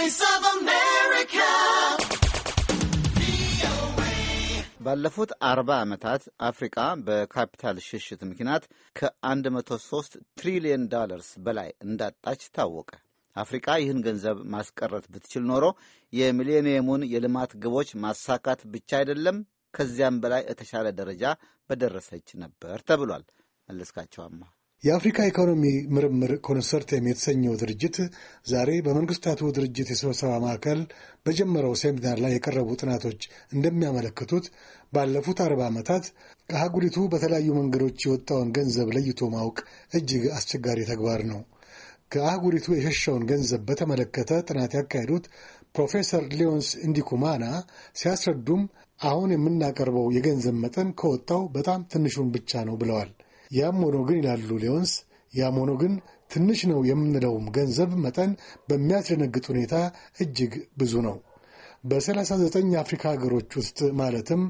Voice of America. ባለፉት አርባ ዓመታት አፍሪቃ በካፒታል ሽሽት ምክንያት ከ103 ትሪሊየን ዶላርስ በላይ እንዳጣች ታወቀ። አፍሪቃ ይህን ገንዘብ ማስቀረት ብትችል ኖሮ የሚሌኒየሙን የልማት ግቦች ማሳካት ብቻ አይደለም ከዚያም በላይ የተሻለ ደረጃ በደረሰች ነበር ተብሏል። መለስካቸው አማ የአፍሪካ ኢኮኖሚ ምርምር ኮንሰርቲየም የተሰኘው ድርጅት ዛሬ በመንግስታቱ ድርጅት የስብሰባ ማዕከል በጀመረው ሴሚናር ላይ የቀረቡ ጥናቶች እንደሚያመለክቱት ባለፉት አርባ ዓመታት ከአህጉሪቱ በተለያዩ መንገዶች የወጣውን ገንዘብ ለይቶ ማወቅ እጅግ አስቸጋሪ ተግባር ነው። ከአህጉሪቱ የሸሸውን ገንዘብ በተመለከተ ጥናት ያካሄዱት ፕሮፌሰር ሊዮንስ እንዲኩማና ሲያስረዱም አሁን የምናቀርበው የገንዘብ መጠን ከወጣው በጣም ትንሹን ብቻ ነው ብለዋል። ያም ሆኖ ግን ይላሉ ሊዮንስ፣ ያም ሆኖ ግን ትንሽ ነው የምንለውም ገንዘብ መጠን በሚያስደነግጥ ሁኔታ እጅግ ብዙ ነው። በ39 አፍሪካ ሀገሮች ውስጥ ማለትም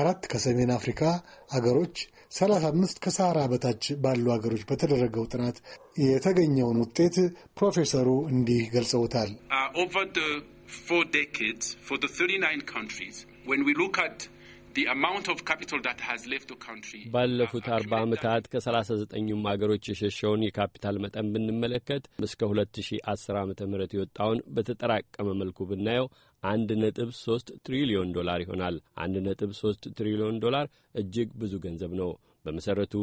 አራት ከሰሜን አፍሪካ አገሮች 35 ከሳራ በታች ባሉ አገሮች በተደረገው ጥናት የተገኘውን ውጤት ፕሮፌሰሩ እንዲህ ገልጸውታል። ኦቨር ፎር ዴኬድስ ፎር ዘ 39 ካንትሪስ ዌን ዊ ሉክ አት ባለፉት አርባ ዓመታት ከ 39 ሀገሮች አገሮች የሸሸውን የካፒታል መጠን ብንመለከት እስከ 2010 ዓ ም የወጣውን በተጠራቀመ መልኩ ብናየው አንድ ነጥብ ሶስት ትሪሊዮን ዶላር ይሆናል። አንድ ነጥብ ሶስት ትሪሊዮን ዶላር እጅግ ብዙ ገንዘብ ነው። በመሠረቱ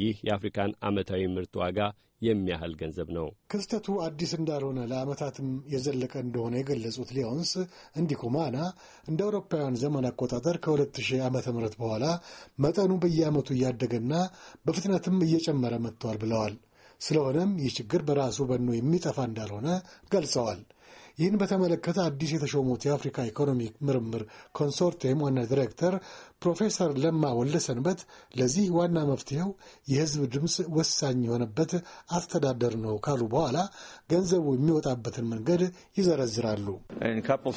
ይህ የአፍሪካን ዓመታዊ ምርት ዋጋ የሚያህል ገንዘብ ነው። ክስተቱ አዲስ እንዳልሆነ ለዓመታትም የዘለቀ እንደሆነ የገለጹት ሊዮንስ እንዲኩማና እንደ አውሮፓውያን ዘመን አቆጣጠር ከ2000 ዓ ም በኋላ መጠኑ በየዓመቱ እያደገና በፍጥነትም እየጨመረ መጥተዋል ብለዋል። ስለሆነም ይህ ችግር በራሱ በኖ የሚጠፋ እንዳልሆነ ገልጸዋል። ይህን በተመለከተ አዲስ የተሾሙት የአፍሪካ ኢኮኖሚክ ምርምር ኮንሶርቲየም ዋና ዲሬክተር ፕሮፌሰር ለማ ወለሰንበት ለዚህ ዋና መፍትሄው የህዝብ ድምፅ ወሳኝ የሆነበት አስተዳደር ነው ካሉ በኋላ ገንዘቡ የሚወጣበትን መንገድ ይዘረዝራሉ። ካፒታል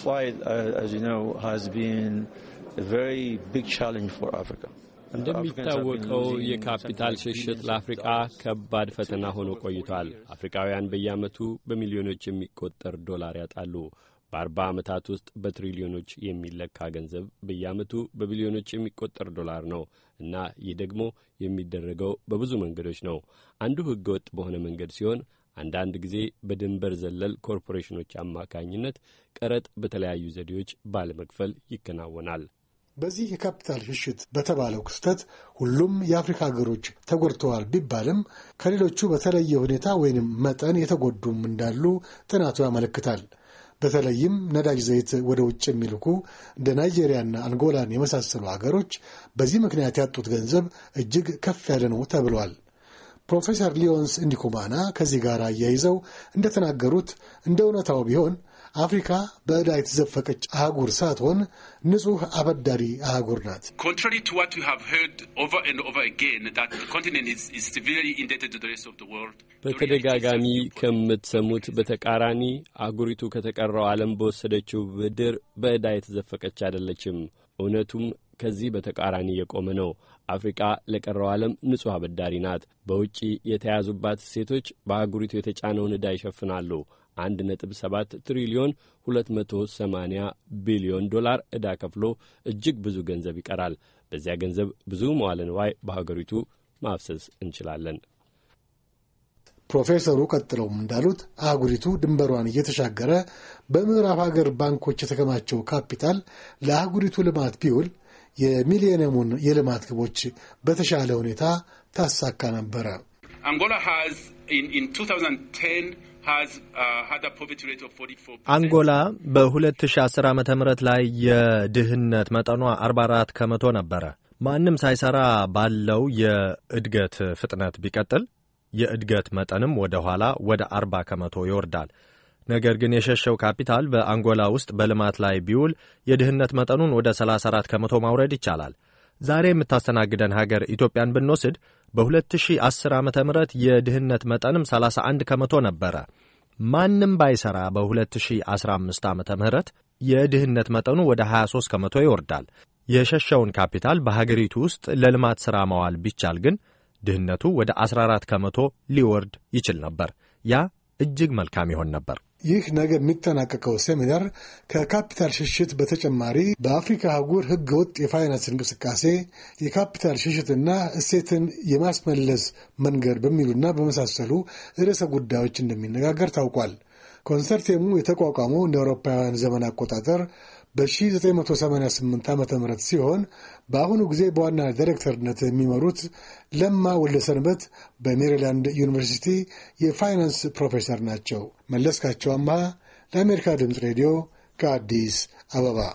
ፍላይት እንደሚታወቀው የካፒታል ሽሽት ለአፍሪቃ ከባድ ፈተና ሆኖ ቆይቷል። አፍሪካውያን በየዓመቱ በሚሊዮኖች የሚቆጠር ዶላር ያጣሉ። በአርባ ዓመታት ውስጥ በትሪሊዮኖች የሚለካ ገንዘብ በየዓመቱ በቢሊዮኖች የሚቆጠር ዶላር ነው እና ይህ ደግሞ የሚደረገው በብዙ መንገዶች ነው። አንዱ ሕገ ወጥ በሆነ መንገድ ሲሆን አንዳንድ ጊዜ በድንበር ዘለል ኮርፖሬሽኖች አማካኝነት ቀረጥ በተለያዩ ዘዴዎች ባለመክፈል ይከናወናል። በዚህ የካፒታል ሽሽት በተባለው ክስተት ሁሉም የአፍሪካ ሀገሮች ተጎድተዋል ቢባልም ከሌሎቹ በተለየ ሁኔታ ወይንም መጠን የተጎዱም እንዳሉ ጥናቱ ያመለክታል። በተለይም ነዳጅ ዘይት ወደ ውጭ የሚልኩ እንደ ናይጄሪያና አንጎላን የመሳሰሉ ሀገሮች በዚህ ምክንያት ያጡት ገንዘብ እጅግ ከፍ ያለ ነው ተብሏል። ፕሮፌሰር ሊዮንስ እንዲኩማና ከዚህ ጋር አያይዘው እንደተናገሩት እንደ እውነታው ቢሆን አፍሪካ በዕዳ የተዘፈቀች አህጉር ሳትሆን ንጹሕ አበዳሪ አህጉር ናት። በተደጋጋሚ ከምትሰሙት በተቃራኒ አህጉሪቱ ከተቀረው ዓለም በወሰደችው ብድር በዕዳ የተዘፈቀች አይደለችም። እውነቱም ከዚህ በተቃራኒ የቆመ ነው። አፍሪቃ ለቀረው ዓለም ንጹሕ አበዳሪ ናት። በውጪ የተያዙባት ሴቶች በአህጉሪቱ የተጫነውን ዕዳ ይሸፍናሉ። 1.7 ትሪሊዮን 280 ቢሊዮን ዶላር ዕዳ ከፍሎ እጅግ ብዙ ገንዘብ ይቀራል። በዚያ ገንዘብ ብዙ መዋለ ንዋይ በሀገሪቱ ማፍሰስ እንችላለን። ፕሮፌሰሩ ቀጥለውም እንዳሉት አህጉሪቱ ድንበሯን እየተሻገረ በምዕራብ ሀገር ባንኮች የተከማቸው ካፒታል ለአህጉሪቱ ልማት ቢውል የሚሊኒየሙን የልማት ግቦች በተሻለ ሁኔታ ታሳካ ነበረ። አንጎላ ሃዝ 2010 Uh, አንጎላ በ2010 ዓ ም ላይ የድህነት መጠኗ 44 ከመቶ ነበረ። ማንም ሳይሰራ ባለው የእድገት ፍጥነት ቢቀጥል የእድገት መጠንም ወደ ኋላ ወደ 40 ከመቶ ይወርዳል። ነገር ግን የሸሸው ካፒታል በአንጎላ ውስጥ በልማት ላይ ቢውል የድህነት መጠኑን ወደ 34 ከመቶ ማውረድ ይቻላል። ዛሬ የምታስተናግደን ሀገር ኢትዮጵያን ብንወስድ በ2010 ዓ ም የድህነት መጠንም 31 ከመቶ ነበረ። ማንም ባይሰራ በ2015 ዓ ም የድህነት መጠኑ ወደ 23 ከመቶ ይወርዳል። የሸሸውን ካፒታል በሀገሪቱ ውስጥ ለልማት ሥራ ማዋል ቢቻል ግን ድህነቱ ወደ 14 ከመቶ ሊወርድ ይችል ነበር። ያ እጅግ መልካም ይሆን ነበር። ይህ ነገ የሚጠናቀቀው ሴሚናር ከካፒታል ሽሽት በተጨማሪ በአፍሪካ አህጉር ሕገ ወጥ የፋይናንስ እንቅስቃሴ፣ የካፒታል ሽሽትና እሴትን የማስመለስ መንገድ በሚሉና በመሳሰሉ ርዕሰ ጉዳዮች እንደሚነጋገር ታውቋል። ኮንሰርቲየሙ የተቋቋመው እንደ አውሮፓውያን ዘመን አቆጣጠር በ1988 ዓ ም ሲሆን በአሁኑ ጊዜ በዋና ዳይሬክተርነት የሚመሩት ለማ ወልደሰንበት በሜሪላንድ ዩኒቨርሲቲ የፋይናንስ ፕሮፌሰር ናቸው። መለስካቸው አማሃ ለአሜሪካ ድምፅ ሬዲዮ ከአዲስ አበባ